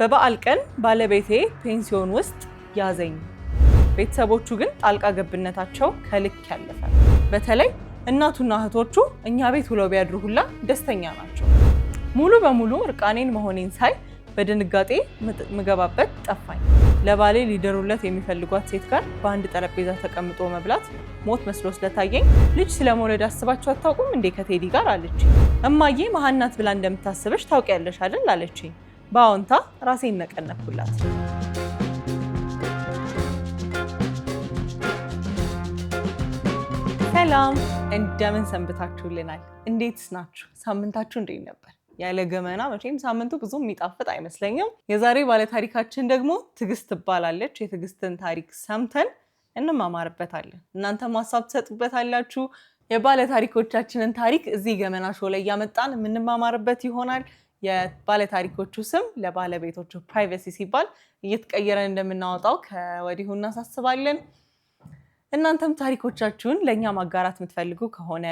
በበዓል ቀን ባለቤቴ ፔንሲዮን ውስጥ ያዘኝ። ቤተሰቦቹ ግን ጣልቃ ገብነታቸው ከልክ ያለፈ። በተለይ እናቱና እህቶቹ እኛ ቤት ውለው ቢያድሩ ሁላ ደስተኛ ናቸው። ሙሉ በሙሉ እርቃኔን መሆኔን ሳይ በድንጋጤ ምገባበት ጠፋኝ። ለባሌ ሊደሩለት የሚፈልጓት ሴት ጋር በአንድ ጠረጴዛ ተቀምጦ መብላት ሞት መስሎ ስለታየኝ ልጅ ስለ መውለድ አስባችሁ አታውቁም እንዴ ከቴዲ ጋር አለችኝ። እማዬ መሀናት ብላ እንደምታስበች ታውቂያለሽ አይደል አለችኝ። በአዎንታ ራሴን ነቀነኩላት። ሰላም እንደምን ሰንብታችሁልናል? እንዴትስ ናችሁ? ሳምንታችሁ እንዴት ነበር? ያለ ገመና መቼም ሳምንቱ ብዙ የሚጣፍጥ አይመስለኝም። የዛሬ ባለታሪካችን ደግሞ ትዕግስት ትባላለች። የትዕግስትን ታሪክ ሰምተን እንማማርበታለን። እናንተም ሀሳብ ትሰጡበታላችሁ። የባለታሪኮቻችንን ታሪክ እዚህ ገመና ሾ ላይ እያመጣን የምንማማርበት ይሆናል። የባለ ታሪኮቹ ስም ለባለቤቶቹ ፕራይቬሲ ሲባል እየተቀየረን እንደምናወጣው ከወዲሁ እናሳስባለን። እናንተም ታሪኮቻችሁን ለእኛ ማጋራት የምትፈልጉ ከሆነ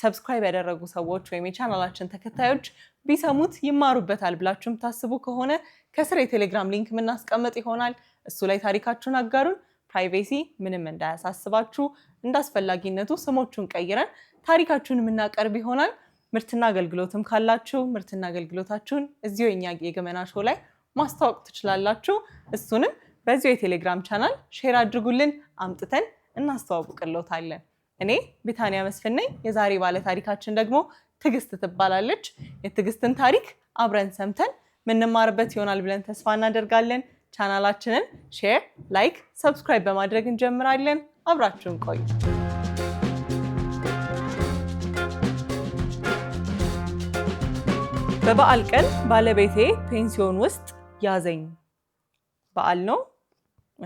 ሰብስክራይብ ያደረጉ ሰዎች ወይም የቻናላችን ተከታዮች ቢሰሙት ይማሩበታል ብላችሁም ታስቡ ከሆነ ከስር የቴሌግራም ሊንክ የምናስቀምጥ ይሆናል። እሱ ላይ ታሪካችሁን አጋሩን። ፕራይቬሲ ምንም እንዳያሳስባችሁ፣ እንዳስፈላጊነቱ ስሞቹን ቀይረን ታሪካችሁን የምናቀርብ ይሆናል። ምርትና አገልግሎትም ካላችሁ ምርትና አገልግሎታችሁን እዚሁ የኛ የገመና ሾው ላይ ማስታወቅ ትችላላችሁ። እሱንም በዚሁ የቴሌግራም ቻናል ሼር አድርጉልን፣ አምጥተን እናስተዋውቅልዎታለን። እኔ ቢታንያ መስፍን ነኝ። የዛሬ ባለ ታሪካችን ደግሞ ትዕግስት ትባላለች። የትዕግስትን ታሪክ አብረን ሰምተን ምንማርበት ይሆናል ብለን ተስፋ እናደርጋለን። ቻናላችንን ሼር፣ ላይክ፣ ሰብስክራይብ በማድረግ እንጀምራለን። አብራችሁን ቆዩ። በበዓል ቀን ባለቤቴ ፔንሲዮን ውስጥ ያዘኝ። በዓል ነው።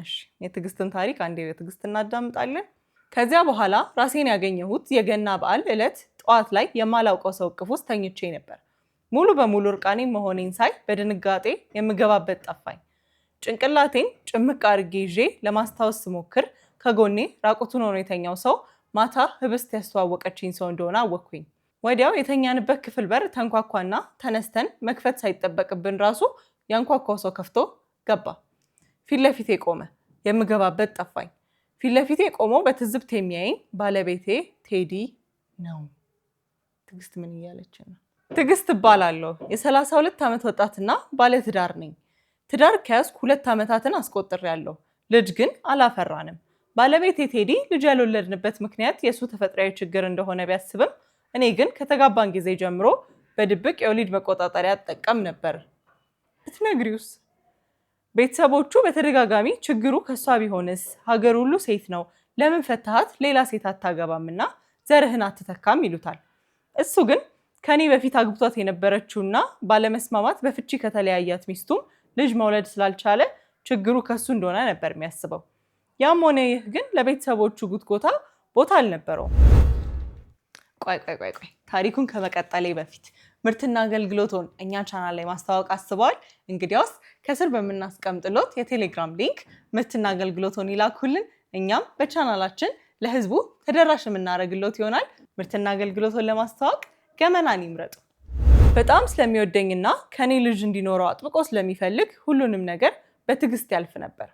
እሺ፣ የትዕግስትን ታሪክ አንዴ በትዕግስት እናዳምጣለን። ከዚያ በኋላ ራሴን ያገኘሁት የገና በዓል ዕለት ጠዋት ላይ የማላውቀው ሰው እቅፍ ውስጥ ተኝቼ ነበር። ሙሉ በሙሉ እርቃኔ መሆኔን ሳይ በድንጋጤ የምገባበት ጠፋኝ። ጭንቅላቴን ጭምቅ አድርጌ ይዤ ለማስታወስ ስሞክር ከጎኔ ራቁቱን ሆኖ የተኛው ሰው ማታ ህብስት ያስተዋወቀችኝ ሰው እንደሆነ አወቅኩኝ። ወዲያው የተኛንበት ክፍል በር ተንኳኳና ተነስተን መክፈት ሳይጠበቅብን ራሱ ያንኳኳው ሰው ከፍቶ ገባ። ፊት ለፊቴ ቆመ። የምገባበት ጠፋኝ። ፊት ለፊቴ ቆሞ በትዝብት የሚያይኝ ባለቤቴ ቴዲ ነው። ትግስት ምን እያለች ነው? ትግስት እባላለሁ። የሰላሳ ሁለት ዓመት ወጣትና ባለትዳር ነኝ። ትዳር ከያዝኩ ሁለት ዓመታትን አስቆጥሬያለሁ። ልጅ ግን አላፈራንም። ባለቤቴ ቴዲ ልጅ ያልወለድንበት ምክንያት የእሱ ተፈጥሯዊ ችግር እንደሆነ ቢያስብም እኔ ግን ከተጋባን ጊዜ ጀምሮ በድብቅ የወሊድ መቆጣጠሪያ ጠቀም ነበር። ብትነግሪውስ? ቤተሰቦቹ በተደጋጋሚ ችግሩ ከሷ ቢሆንስ? ሀገር ሁሉ ሴት ነው፣ ለምን ፈታሃት? ሌላ ሴት አታገባምና ዘርህን አትተካም ይሉታል። እሱ ግን ከኔ በፊት አግብቷት የነበረችውና ባለመስማማት በፍቺ ከተለያያት ሚስቱም ልጅ መውለድ ስላልቻለ ችግሩ ከሱ እንደሆነ ነበር የሚያስበው። ያም ሆነ ይህ ግን ለቤተሰቦቹ ጉትጎታ ቦታ አልነበረውም። ቆይ ቆይ ቆይ ቆይ ታሪኩን ከመቀጠሌ በፊት ምርትና አገልግሎቶን እኛ ቻናል ላይ ማስተዋወቅ አስበዋል? እንግዲያውስ ከስር በምናስቀምጥሎት የቴሌግራም ሊንክ ምርትና አገልግሎቶን ይላኩልን። እኛም በቻናላችን ለህዝቡ ተደራሽ የምናደርግሎት ይሆናል። ምርትና አገልግሎቶን ለማስተዋወቅ ገመናን ይምረጡ። በጣም ስለሚወደኝና ከኔ ልጅ እንዲኖረው አጥብቆ ስለሚፈልግ ሁሉንም ነገር በትዕግስት ያልፍ ነበር።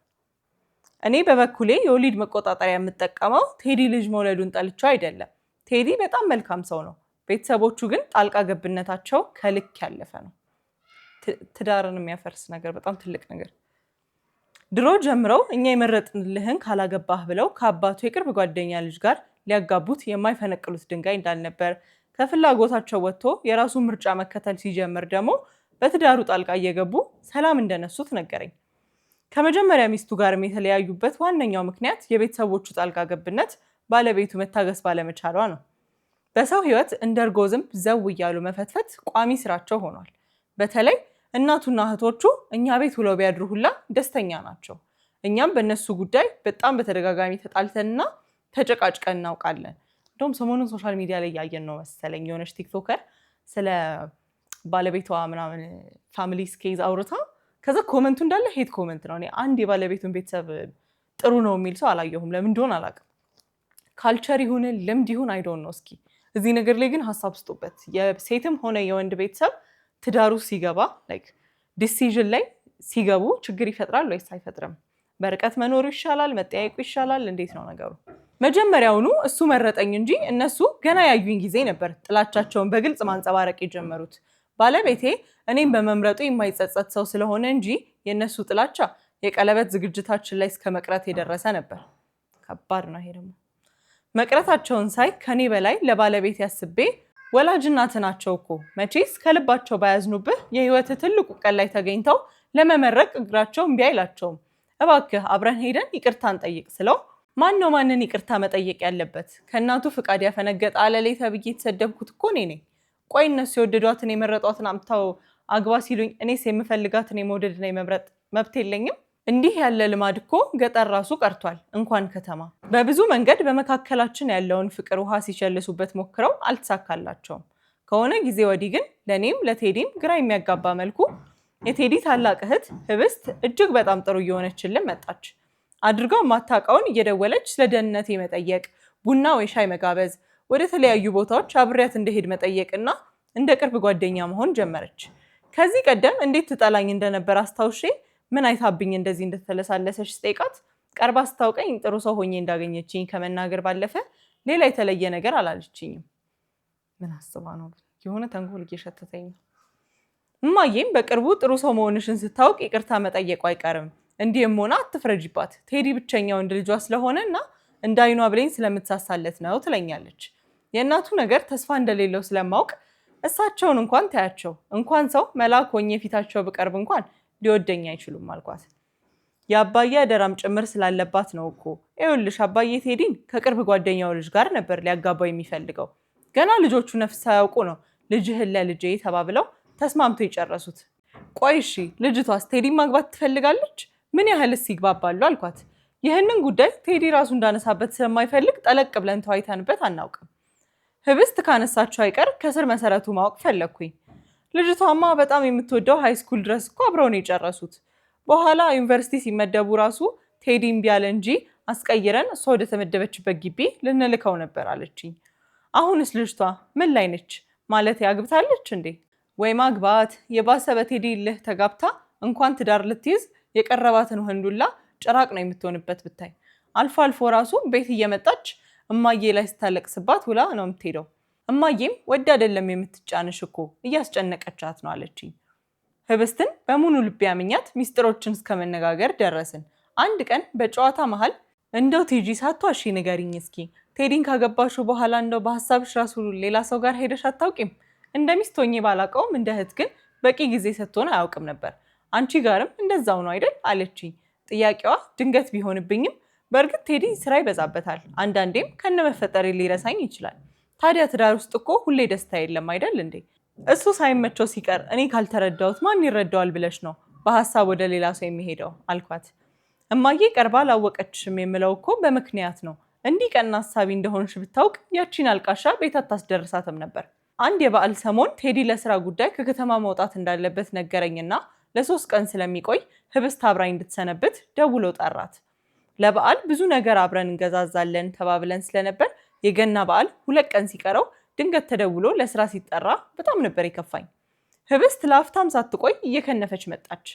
እኔ በበኩሌ የወሊድ መቆጣጠሪያ የምጠቀመው ቴዲ ልጅ መውለዱን ጠልቼው አይደለም ቴዲ በጣም መልካም ሰው ነው። ቤተሰቦቹ ግን ጣልቃ ገብነታቸው ከልክ ያለፈ ነው። ትዳርን የሚያፈርስ ነገር፣ በጣም ትልቅ ነገር። ድሮ ጀምረው እኛ የመረጥንልህን ካላገባህ ብለው ከአባቱ የቅርብ ጓደኛ ልጅ ጋር ሊያጋቡት የማይፈነቅሉት ድንጋይ እንዳልነበር ከፍላጎታቸው ወጥቶ የራሱ ምርጫ መከተል ሲጀምር ደግሞ በትዳሩ ጣልቃ እየገቡ ሰላም እንደነሱት ነገረኝ። ከመጀመሪያ ሚስቱ ጋርም የተለያዩበት ዋነኛው ምክንያት የቤተሰቦቹ ጣልቃ ገብነት ባለቤቱ መታገስ ባለመቻሏ ነው። በሰው ህይወት እንደ እርጎ ዝንብ ዘው እያሉ መፈትፈት ቋሚ ስራቸው ሆኗል። በተለይ እናቱና እህቶቹ እኛ ቤት ውለው ቢያድሩ ሁላ ደስተኛ ናቸው። እኛም በእነሱ ጉዳይ በጣም በተደጋጋሚ ተጣልተንና ተጨቃጭቀን እናውቃለን። እንደውም ሰሞኑን ሶሻል ሚዲያ ላይ እያየን ነው መሰለኝ የሆነች ቲክቶከር ስለ ባለቤቷ ምናምን ፋሚሊ ስኬዝ አውርታ ከዛ ኮመንቱ እንዳለ ሄት ኮመንት ነው። እኔ አንድ የባለቤቱን ቤተሰብ ጥሩ ነው የሚል ሰው አላየሁም። ለምን እንደሆነ አላውቅም። ካልቸር ይሁን ልምድ ይሁን አይዶን ነው። እስኪ እዚህ ነገር ላይ ግን ሀሳብ ስጡበት። የሴትም ሆነ የወንድ ቤተሰብ ትዳሩ ሲገባ ላይክ ዲሲዥን ላይ ሲገቡ ችግር ይፈጥራል ወይስ አይፈጥርም? በርቀት መኖሩ ይሻላል? መጠያየቁ ይሻላል? እንዴት ነው ነገሩ? መጀመሪያውኑ እሱ መረጠኝ እንጂ እነሱ ገና ያዩኝ ጊዜ ነበር ጥላቻቸውን በግልጽ ማንጸባረቅ የጀመሩት። ባለቤቴ እኔም በመምረጡ የማይጸጸት ሰው ስለሆነ እንጂ የእነሱ ጥላቻ የቀለበት ዝግጅታችን ላይ እስከ መቅረት የደረሰ ነበር። ከባድ ነው ይሄ ደግሞ። መቅረታቸውን ሳይ ከኔ በላይ ለባለቤት ያስቤ ወላጅ እናት ናቸው እኮ መቼስ ከልባቸው ባያዝኑብህ የህይወት ትልቁ ቀን ላይ ተገኝተው ለመመረቅ እግራቸው እምቢ አይላቸውም። እባክህ አብረን ሄደን ይቅርታን ጠይቅ ስለው ማን ነው ማንን ይቅርታ መጠየቅ ያለበት? ከእናቱ ፍቃድ ያፈነገጠ አለሌ ተብዬ የተሰደብኩት እኮ እኔ ነኝ። ቆይ እነሱ የወደዷትን የመረጧትን አምጥተው አግባ ሲሉኝ እኔስ የምፈልጋትን የመውደድና የመምረጥ መብት የለኝም? እንዲህ ያለ ልማድ እኮ ገጠር ራሱ ቀርቷል፣ እንኳን ከተማ። በብዙ መንገድ በመካከላችን ያለውን ፍቅር ውሃ ሲቸልሱበት ሞክረው አልተሳካላቸውም። ከሆነ ጊዜ ወዲህ ግን ለእኔም ለቴዲም ግራ የሚያጋባ መልኩ የቴዲ ታላቅ እህት ህብስት እጅግ በጣም ጥሩ እየሆነችልን መጣች። አድርገው ማታቃውን እየደወለች ስለ መጠየቅ፣ ቡና ወይ ሻይ መጋበዝ፣ ወደ ተለያዩ ቦታዎች አብሬያት እንደሄድ መጠየቅና እንደ ቅርብ ጓደኛ መሆን ጀመረች። ከዚህ ቀደም እንዴት ትጠላኝ እንደነበር አስታውሼ ምን አይታብኝ እንደዚህ እንደተለሳለሰች ስጠይቃት ቀርባ ስታውቀኝ ጥሩ ሰው ሆኜ እንዳገኘችኝ ከመናገር ባለፈ ሌላ የተለየ ነገር አላለችኝም። ምን አስባ ነው? የሆነ ተንኮል እየሸተተኝ ነው። እማዬም በቅርቡ ጥሩ ሰው መሆንሽን ስታውቅ ይቅርታ መጠየቁ አይቀርም። እንዲህም ሆነ አትፍረጅባት፣ ቴዲ ብቸኛ ወንድ ልጇ ስለሆነ እና እንዳይኗ ብለኝ ስለምትሳሳለት ነው ትለኛለች። የእናቱ ነገር ተስፋ እንደሌለው ስለማውቅ እሳቸውን እንኳን ታያቸው እንኳን ሰው መልአክ ሆኜ ፊታቸው ብቀርብ እንኳን ሊወደኝ አይችሉም አልኳት። የአባዬ አደራም ጭምር ስላለባት ነው እኮ። ይኸውልሽ አባዬ ቴዲን ከቅርብ ጓደኛው ልጅ ጋር ነበር ሊያጋባው የሚፈልገው። ገና ልጆቹ ነፍስ ሳያውቁ ነው ልጅህን ለልጄ ተባብለው ተስማምቶ የጨረሱት። ቆይ እሺ ልጅቷስ ቴዲን ማግባት ትፈልጋለች? ምን ያህልስ ይግባባሉ? አልኳት። ይህንን ጉዳይ ቴዲ ራሱ እንዳነሳበት ስለማይፈልግ ጠለቅ ብለን ተዋይተንበት አናውቅም። ህብስት ካነሳቸው አይቀር ከስር መሰረቱ ማወቅ ፈለግኩኝ። ልጅቷማ በጣም የምትወደው ሃይስኩል ድረስ እኮ አብረው ነው የጨረሱት። በኋላ ዩኒቨርሲቲ ሲመደቡ ራሱ ቴዲ እምቢ አለ እንጂ አስቀይረን እሷ ወደ ተመደበችበት ግቢ ልንልከው ነበር አለችኝ። አሁንስ ልጅቷ ምን ላይ ነች? ማለት ያግብታለች እንዴ? ወይ ማግባት የባሰ በቴዲ ልህ ተጋብታ እንኳን ትዳር ልትይዝ የቀረባትን ወንዱላ ጭራቅ ነው የምትሆንበት ብታይ። አልፎ አልፎ ራሱ ቤት እየመጣች እማዬ ላይ ስታለቅስባት ውላ ነው የምትሄደው። እማዬም ወድ አይደለም የምትጫንሽ እኮ እያስጨነቀቻት ነው አለችኝ። ህብስትን በሙሉ ልቤ አምኛት ሚስጥሮችን እስከ መነጋገር ደረስን። አንድ ቀን በጨዋታ መሀል እንደው ቴጂ ሳትዋሺ ንገሪኝ እስኪ ቴዲን ካገባሹ በኋላ እንደው በሀሳብሽ ራሱ ሌላ ሰው ጋር ሄደሽ አታውቂም? እንደ ሚስት ሆኜ ባላውቀውም እንደ እህት ግን በቂ ጊዜ ሰጥቶን አያውቅም ነበር። አንቺ ጋርም እንደዛው ነው አይደል አለችኝ። ጥያቄዋ ድንገት ቢሆንብኝም በእርግጥ ቴዲ ስራ ይበዛበታል፣ አንዳንዴም ከነመፈጠሬ ሊረሳኝ ይችላል። ታዲያ ትዳር ውስጥ እኮ ሁሌ ደስታ የለም አይደል እንዴ? እሱ ሳይመቸው ሲቀር እኔ ካልተረዳሁት ማን ይረዳዋል ብለሽ ነው በሀሳብ ወደ ሌላ ሰው የሚሄደው አልኳት። እማዬ ቀርባ አላወቀችሽም የምለው እኮ በምክንያት ነው። እንዲህ ቀና ሀሳቢ እንደሆንሽ ብታውቅ ያቺን አልቃሻ ቤት አታስደርሳትም ነበር። አንድ የበዓል ሰሞን ቴዲ ለስራ ጉዳይ ከከተማ መውጣት እንዳለበት ነገረኝና ለሶስት ቀን ስለሚቆይ ህብስት አብራኝ እንድትሰነብት ደውሎ ጠራት። ለበዓል ብዙ ነገር አብረን እንገዛዛለን ተባብለን ስለነበር የገና በዓል ሁለት ቀን ሲቀረው ድንገት ተደውሎ ለስራ ሲጠራ በጣም ነበር የከፋኝ። ህብስት ለአፍታም ሳትቆይ እየከነፈች መጣች።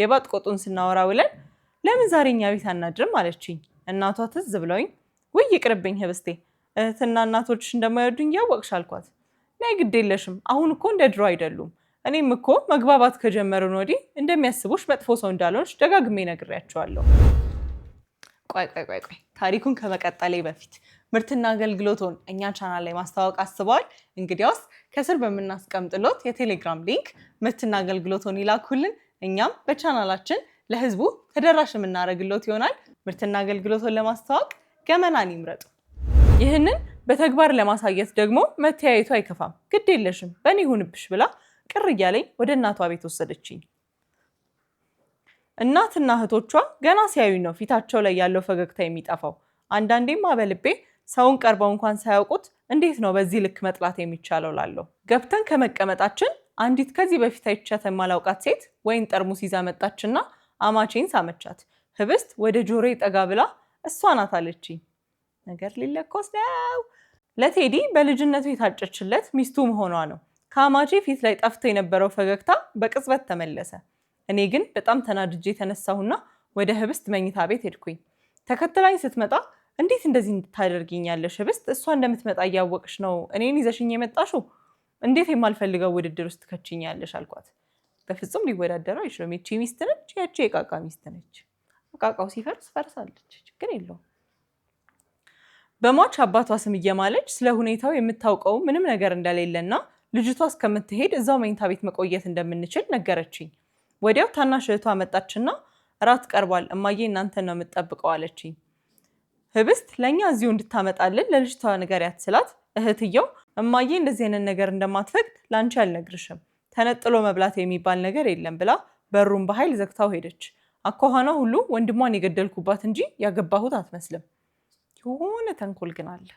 የባጥ ቆጡን ስናወራ ውለን ለምን ዛሬ እኛ ቤት አናድርም አለችኝ። እናቷ ትዝ ብለውኝ ውይ ይቅርብኝ ህብስቴ፣ እህትና እናቶች እንደማይወዱኝ እያወቅሽ አልኳት። ናይ ግድ የለሽም አሁን እኮ እንደ ድሮ አይደሉም። እኔም እኮ መግባባት ከጀመርን ወዲህ እንደሚያስቡሽ መጥፎ ሰው እንዳልሆንሽ ደጋግሜ ነግሬያቸዋለሁ። ቆይ ቆይ ቆይ ቆይ ታሪኩን ከመቀጠሌ በፊት ምርትና አገልግሎቱን እኛ ቻናል ላይ ማስተዋወቅ አስበዋል? እንግዲያውስ ከስር በምናስቀምጥሎት የቴሌግራም ሊንክ ምርትና አገልግሎቱን ይላኩልን። እኛም በቻናላችን ለህዝቡ ተደራሽ የምናደርግሎት ይሆናል። ምርትና አገልግሎቱን ለማስተዋወቅ ገመናን ይምረጡ። ይህንን በተግባር ለማሳየት ደግሞ መተያየቱ አይከፋም። ግድ የለሽም በእኔ ሁንብሽ ብላ ቅር እያለኝ ወደ እናቷ ቤት ወሰደችኝ። እናትና እህቶቿ ገና ሲያዩ ነው ፊታቸው ላይ ያለው ፈገግታ የሚጠፋው። አንዳንዴም በልቤ ሰውን ቀርበው እንኳን ሳያውቁት እንዴት ነው በዚህ ልክ መጥላት የሚቻለው ላለው ገብተን ከመቀመጣችን አንዲት ከዚህ በፊት አይቻት የማላውቃት ሴት ወይን ጠርሙስ ይዛ መጣችና አማቼን ሳመቻት። ህብስት ወደ ጆሮ ጠጋ ብላ እሷ ናት አለችኝ። ነገር ሊለኮስ ነው። ለቴዲ በልጅነቱ የታጨችለት ሚስቱ መሆኗ ነው። ከአማቼ ፊት ላይ ጠፍቶ የነበረው ፈገግታ በቅጽበት ተመለሰ። እኔ ግን በጣም ተናድጄ የተነሳሁና ወደ ህብስት መኝታ ቤት ሄድኩኝ። ተከትላኝ ስትመጣ እንዴት እንደዚህ ታደርጊኛለሽ? ህብስት እሷ እንደምትመጣ እያወቅሽ ነው እኔን ይዘሽኝ የመጣሽው? እንዴት የማልፈልገው ውድድር ውስጥ ከችኛለሽ? አልኳት። በፍጹም ሊወዳደረው አይችልም። ይቺ ሚስት ነች፣ ያቺ የቃቃ ሚስት ነች። ቃቃው ሲፈርስ ፈርሳለች፣ ችግር የለውም። በሟች አባቷ ስም እየማለች ስለ ሁኔታው የምታውቀው ምንም ነገር እንደሌለና ልጅቷ እስከምትሄድ እዛው መኝታ ቤት መቆየት እንደምንችል ነገረችኝ። ወዲያው ታናሽ እህቷ መጣችና እራት ቀርቧል እማዬ እናንተን ነው የምጠብቀው አለችኝ። ህብስት ለእኛ እዚሁ እንድታመጣልን ለልጅቷ ንገሪያት ስላት እህትየው እማዬ እንደዚህ አይነት ነገር እንደማትፈቅድ ለአንቺ አልነግርሽም፣ ተነጥሎ መብላት የሚባል ነገር የለም ብላ በሩን በኃይል ዘግታው ሄደች። አኳኋኗ ሁሉ ወንድሟን የገደልኩባት እንጂ ያገባሁት አትመስልም። የሆነ ተንኮል ግን አለ።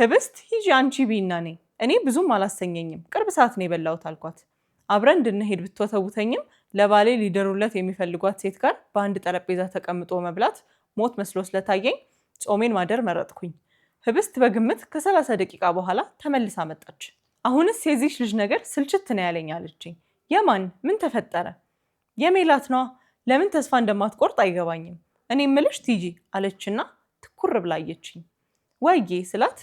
ህብስት ሂጂ አንቺ ቢና ኔ እኔ ብዙም አላሰኘኝም፣ ቅርብ ሰዓት ነው የበላሁት አልኳት። አብረን እንድንሄድ ብትወተውተኝም ለባሌ ሊደሩለት የሚፈልጓት ሴት ጋር በአንድ ጠረጴዛ ተቀምጦ መብላት ሞት መስሎ ስለታየኝ ጾሜን ማደር መረጥኩኝ። ህብስት በግምት ከሰላሳ ደቂቃ በኋላ ተመልሳ መጣች። አሁንስ የዚች ልጅ ነገር ስልችት ነው ያለኝ አለችኝ። የማን ምን ተፈጠረ? የሜላት ነዋ። ለምን ተስፋ እንደማትቆርጥ አይገባኝም። እኔ ምልሽ ትጂ አለችና ትኩር ብላየችኝ። ወይዬ ስላት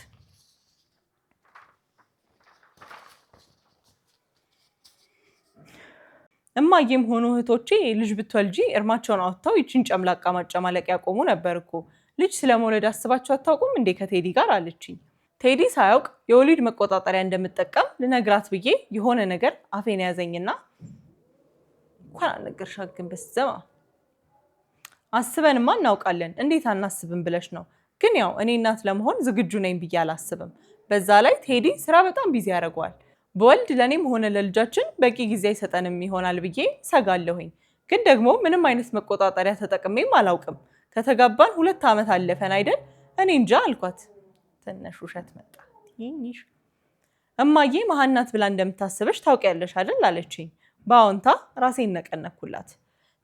እማዬም ሆኑ እህቶቼ ልጅ ብትወልጂ እርማቸውን አወጥተው ይችን ጨምላቃ ማጨማለቅ ያቆሙ ነበር እኮ። ልጅ ስለ መውለድ አታውቁም እንዴ ከቴዲ ጋር አለችኝ። ቴዲ ሳያውቅ የወሊድ መቆጣጠሪያ እንደምጠቀም ልነግራት ብዬ የሆነ ነገር አፌን ያዘኝና እንኳን አልነገርሻት ግን በስዘማ አስበንማ እናውቃለን። እንዴት አናስብም ብለሽ ነው። ግን ያው እኔ እናት ለመሆን ዝግጁ ነኝ ብዬ አላስብም። በዛ ላይ ቴዲ ስራ በጣም ቢዚ ያደርገዋል። በወልድ ለእኔም ሆነ ለልጃችን በቂ ጊዜ አይሰጠንም ይሆናል ብዬ ሰጋለሁኝ። ግን ደግሞ ምንም አይነት መቆጣጠሪያ ተጠቅሜም አላውቅም። ከተጋባን ሁለት ዓመት አለፈን አይደል? እኔ እንጃ አልኳት። ትንሽ ውሸት መጣ። እማዬ መሀናት ብላ እንደምታስበች ታውቂያለሽ አይደል? አለችኝ። በአዎንታ ራሴን ነቀነኩላት።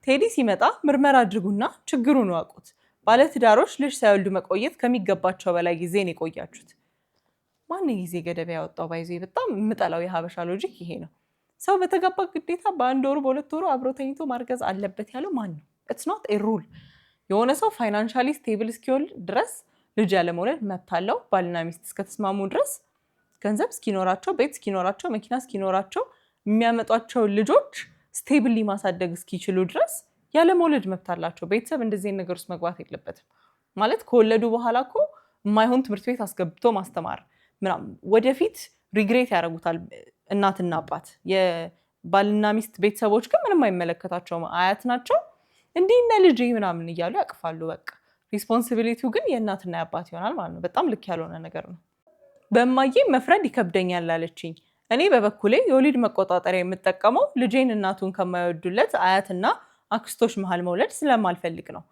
ቴዲ ሲመጣ ምርመራ አድርጉና ችግሩን ዋቁት። ባለትዳሮች ልጅ ሳይወልዱ መቆየት ከሚገባቸው በላይ ጊዜን የቆያችሁት ማን ጊዜ ገደብ ያወጣው ባይዞ በጣም የምጠላው የሀበሻ ሎጂክ ይሄ ነው። ሰው በተጋባ ግዴታ በአንድ ወሩ በሁለት ወሩ አብሮ ተኝቶ ማርገዝ አለበት ያለው ማን ነው? ኢትስ ኖት ኤ ሩል። የሆነ ሰው ፋይናንሻሊ ስቴብል እስኪሆን ድረስ ልጅ ያለመውለድ መብት አለው። ባልና ሚስት እስከተስማሙ ድረስ ገንዘብ እስኪኖራቸው፣ ቤት እስኪኖራቸው፣ መኪና እስኪኖራቸው የሚያመጧቸው ልጆች ስቴብሊ ማሳደግ እስኪችሉ ድረስ ያለመውለድ መብት አላቸው። ቤተሰብ እንደዚህ ነገር ውስጥ መግባት የለበትም ማለት ከወለዱ በኋላ እኮ የማይሆን ትምህርት ቤት አስገብቶ ማስተማር ምናምን ወደፊት ሪግሬት ያደርጉታል እናትና አባት። የባልና ሚስት ቤተሰቦች ግን ምንም አይመለከታቸውም። አያት ናቸው እንዲህነ ልጅ ምናምን እያሉ ያቅፋሉ። በቃ ሪስፖንሲቢሊቲው ግን የእናትና የአባት ይሆናል ማለት ነው። በጣም ልክ ያልሆነ ነገር ነው። በእማዬ መፍረድ ይከብደኛል አለችኝ። እኔ በበኩሌ የወሊድ መቆጣጠሪያ የምጠቀመው ልጄን እናቱን ከማይወዱለት አያትና አክስቶች መሀል መውለድ ስለማልፈልግ ነው።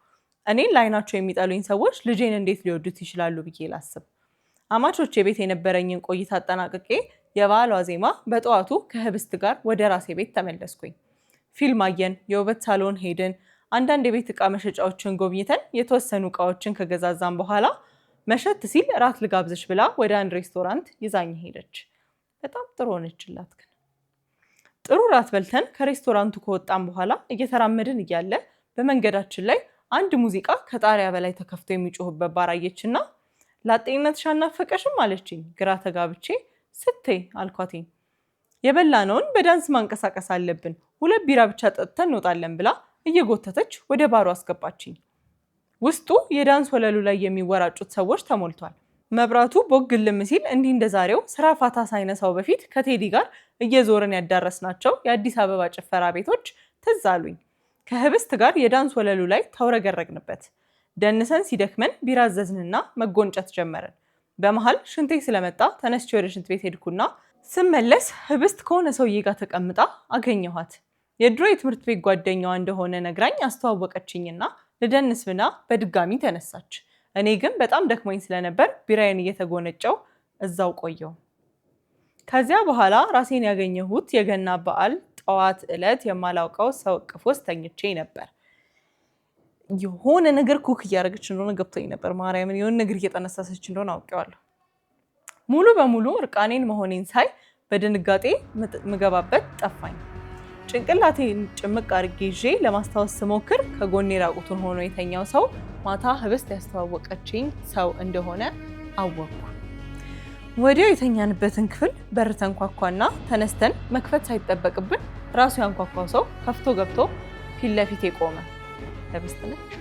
እኔ ለአይናቸው የሚጠሉኝ ሰዎች ልጄን እንዴት ሊወዱት ይችላሉ ብዬ ላስብ። አማቾች የቤት የነበረኝን ቆይታ አጠናቅቄ የበዓል ዋዜማ በጠዋቱ ከህብስት ጋር ወደ ራሴ ቤት ተመለስኩኝ። ፊልም አየን፣ የውበት ሳሎን ሄድን፣ አንዳንድ የቤት እቃ መሸጫዎችን ጎብኝተን የተወሰኑ እቃዎችን ከገዛዛም በኋላ መሸት ሲል ራት ልጋብዝሽ ብላ ወደ አንድ ሬስቶራንት ይዛኝ ሄደች። በጣም ጥሩ ሆነችላት። ግን ጥሩ ራት በልተን ከሬስቶራንቱ ከወጣም በኋላ እየተራመድን እያለ በመንገዳችን ላይ አንድ ሙዚቃ ከጣሪያ በላይ ተከፍቶ የሚጮህበት ባር አየችና ላጤነትሽ አናፈቀሽም አለችኝ። ግራ ተጋብቼ ስትይ አልኳትኝ። የበላነውን በዳንስ ማንቀሳቀስ አለብን፣ ሁለት ቢራ ብቻ ጠጥተን እንወጣለን ብላ እየጎተተች ወደ ባሩ አስገባችኝ። ውስጡ የዳንስ ወለሉ ላይ የሚወራጩት ሰዎች ተሞልቷል። መብራቱ ቦግልም ሲል እንዲህ እንደ ዛሬው ስራ ፋታ ሳይነሳው በፊት ከቴዲ ጋር እየዞርን ያዳረስናቸው የአዲስ አበባ ጭፈራ ቤቶች ትዝ አሉኝ። ከህብስት ጋር የዳንስ ወለሉ ላይ ተውረገረግንበት። ደንሰን ሲደክመን ቢራ አዘዝንና መጎንጨት ጀመርን። በመሀል ሽንቴ ስለመጣ ተነስቼ ወደ ሽንት ቤት ሄድኩና ስመለስ ህብስት ከሆነ ሰውዬ ጋር ተቀምጣ አገኘኋት። የድሮ የትምህርት ቤት ጓደኛዋ እንደሆነ ነግራኝ አስተዋወቀችኝና ልደንስ ብና በድጋሚ ተነሳች። እኔ ግን በጣም ደክሞኝ ስለነበር ቢራዬን እየተጎነጨው እዛው ቆየው። ከዚያ በኋላ ራሴን ያገኘሁት የገና በዓል ጠዋት ዕለት የማላውቀው ሰው እቅፍ ውስጥ ተኝቼ ነበር። የሆነ ነገር ኩክ እያደረገች እንደሆነ ገብቶኝ ነበር። ማርያምን የሆነ ነገር እየጠነሳሰች እንደሆነ አውቄዋለሁ። ሙሉ በሙሉ እርቃኔን መሆኔን ሳይ በድንጋጤ ምገባበት ጠፋኝ። ጭንቅላቴን ጭምቅ አድርጌ ይዤ ለማስታወስ ስሞክር ከጎኔ ራቁቱን ሆኖ የተኛው ሰው ማታ ህብስት ያስተዋወቀችኝ ሰው እንደሆነ አወቅኩ። ወዲያው የተኛንበትን ክፍል በር ተንኳኳና ተነስተን መክፈት ሳይጠበቅብን ራሱ ያንኳኳው ሰው ከፍቶ ገብቶ ፊት ለፊቴ ቆመ። ህብስት ነች።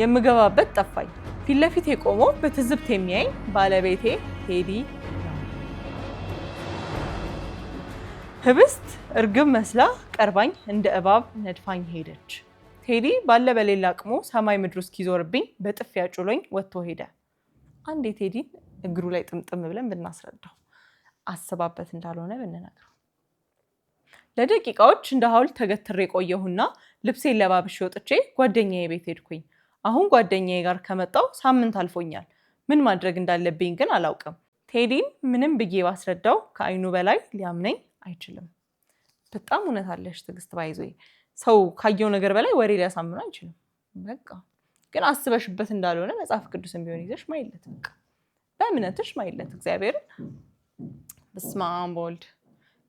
የምገባበት ጠፋኝ። ፊት ለፊት የቆመው በትዝብት የሚያይ ባለቤቴ ቴዲ ህብስት እርግብ መስላ ቀርባኝ እንደ እባብ ነድፋኝ ሄደች። ቴዲ ባለ በሌላ አቅሙ ሰማይ ምድሩ እስኪዞርብኝ በጥፊ ያጩሎኝ ወጥቶ ሄደ። አንዴ ቴዲን እግሩ ላይ ጥምጥም ብለን ብናስረዳው አስባበት እንዳልሆነ ብንነግረው ለደቂቃዎች እንደ ሐውልት ተገትሬ ቆየሁና ልብሴን ለባብሼ ወጥቼ ጓደኛዬ ቤት ሄድኩኝ። አሁን ጓደኛዬ ጋር ከመጣው ሳምንት አልፎኛል። ምን ማድረግ እንዳለብኝ ግን አላውቅም። ቴዲን ምንም ብዬ ባስረዳው ከአይኑ በላይ ሊያምነኝ አይችልም። በጣም እውነት አለሽ ትዕግስት። ባይዞ ሰው ካየው ነገር በላይ ወሬ ሊያሳምኑ አይችልም። በቃ ግን አስበሽበት እንዳልሆነ መጽሐፍ ቅዱስን ቢሆን ይዘሽ ማይለት በእምነትሽ ማይለት እግዚአብሔርን በስመ አብ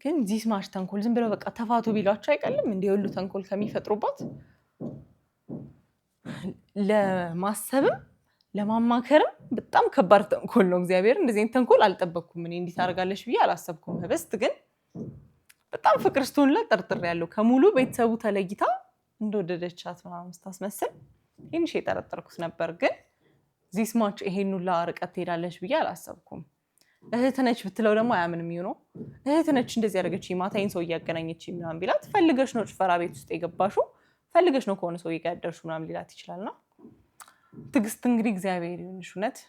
ግን እዚህ ተንኮል ዝም ብለው በቃ ተፋቱ ቢሏቸው አይቀልም። እንዲ የሁሉ ተንኮል ከሚፈጥሩባት ለማሰብም ለማማከርም በጣም ከባድ ተንኮል ነው። እግዚአብሔር እንደዚህ ተንኮል አልጠበቅኩም እኔ እንዲት ታደርጋለሽ ብዬ አላሰብኩም። ህብስት ግን በጣም ፍቅር ስትሆን ላይ ጠርጥር ያለው ከሙሉ ቤተሰቡ ተለይታ እንደወደደቻት ምናምን ስታስመስል ትንሽ የጠረጠርኩት ነበር። ግን ዚስማች ይሄን ሁላ ርቀት ትሄዳለች ብዬ አላሰብኩም። እህት ነች ብትለው ደግሞ አያምንም። ይሁ እህትነች እህት ነች እንደዚህ ያደረገች ማታይን ሰው እያገናኘች ምናምን ቢላት ፈልገሽ ነው ጭፈራ ቤት ውስጥ የገባሹ ፈልገሽ ነው ከሆነ ሰው እያደርሹ ምናምን ሊላት ይችላልና ትግስት እንግዲህ እግዚአብሔር ይሁንሽ። እውነት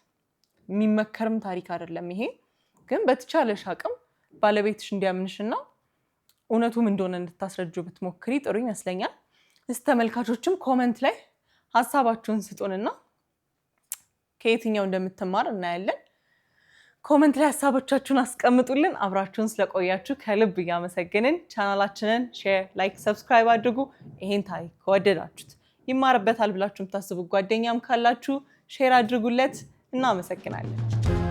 የሚመከርም ታሪክ አይደለም ይሄ። ግን በተቻለሽ አቅም ባለቤትሽ እንዲያምንሽና እውነቱም እንደሆነ እንድታስረጁ ብትሞክሪ ጥሩ ይመስለኛል። እስ ተመልካቾችም ኮመንት ላይ ሀሳባችሁን ስጡንና ከየትኛው እንደምትማር እናያለን። ኮመንት ላይ ሀሳቦቻችሁን አስቀምጡልን። አብራችሁን ስለቆያችሁ ከልብ እያመሰገንን ቻናላችንን ሼር፣ ላይክ፣ ሰብስክራይብ አድርጉ። ይሄን ታሪክ ከወደዳችሁት ይማርበታል ብላችሁ የምታስቡ ጓደኛም ካላችሁ ሼር አድርጉለት። እናመሰግናለን።